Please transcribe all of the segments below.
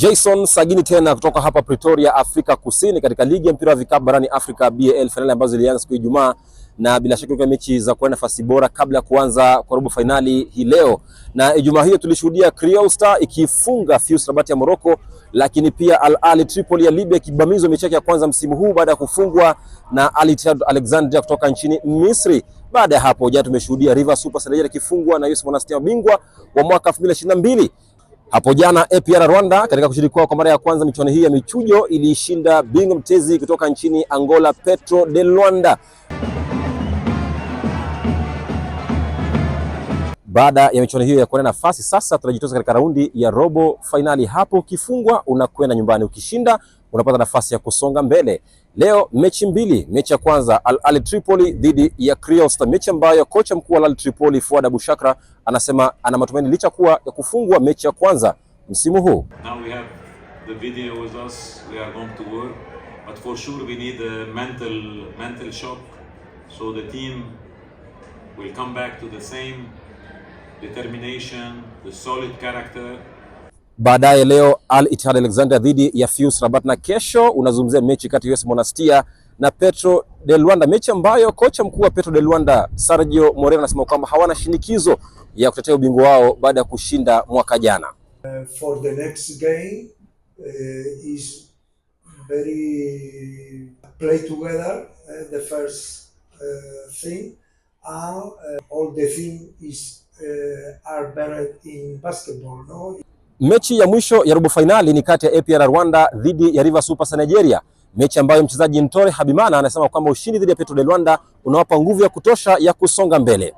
Jason Sagini tena kutoka hapa Pretoria, Afrika Kusini, katika ligi ya mpira wa vikapu barani Afrika BAL, fainali ambazo zilianza siku ya Ijumaa na bila shaka mechi za kuwania nafasi bora kabla ya kuanza kwa robo fainali hii leo. Na Ijumaa hiyo tulishuhudia Creole Star ikifunga FUS Rabat ya Morocco, lakini pia Al Ahly Tripoli ya Libya ikibamizwa mechi yake ya kwanza msimu huu baada ya kufungwa na Al Ittihad Alexandria kutoka nchini Misri. Baada ya hapo jana tumeshuhudia River Super Sanilaje ikifungwa na Yusuf Monastir, bingwa wa mwaka 2022 hapo jana APR Rwanda katika kushiriki kwao kwa mara ya kwanza michuano hii ya michujo iliishinda bingwa mtezi kutoka nchini Angola Petro de Luanda Baada ya michuano hiyo ya kuona nafasi, sasa tunajitosa katika raundi ya robo fainali. Hapo ukifungwa unakwenda nyumbani, ukishinda unapata nafasi ya kusonga mbele. Leo mechi mbili, mechi ya kwanza Al Ahly Tripoli dhidi ya Creole Star, mechi ambayo kocha mkuu wa Al Ahly Tripoli Abu Shakra anasema ana matumaini licha kuwa ya kufungwa mechi ya kwanza msimu huu. Now we have the video with us, we are going to work but for sure we need a mental mental shock so the team will come back to the same determination, the solid character baadaye leo Al Ittihad Alexandria dhidi ya FUS Rabat, na kesho unazungumzia mechi kati ya US Monastir na Petro de Luanda, mechi ambayo kocha mkuu wa Petro de Luanda Sergio Moreno anasema kwamba hawana shinikizo ya kutetea ubingwa wao baada ya kushinda mwaka jana. Uh, for the next game, uh, is very play together uh, the first uh, thing and uh, all the thing is uh, are better in basketball no Mechi ya mwisho ya robo fainali ni kati ya APR Rwanda dhidi ya River Super Nigeria, mechi ambayo mchezaji Ntore Habimana anasema kwamba ushindi dhidi ya Petro de Luanda unawapa nguvu ya kutosha ya kusonga mbele.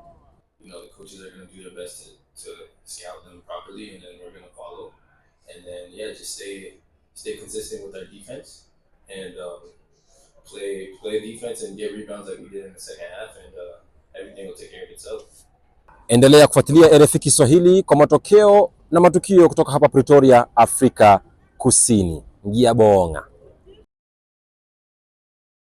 Endelea kufuatilia RFI Kiswahili kwa matokeo na matukio kutoka hapa Pretoria, Afrika Kusini. boong'a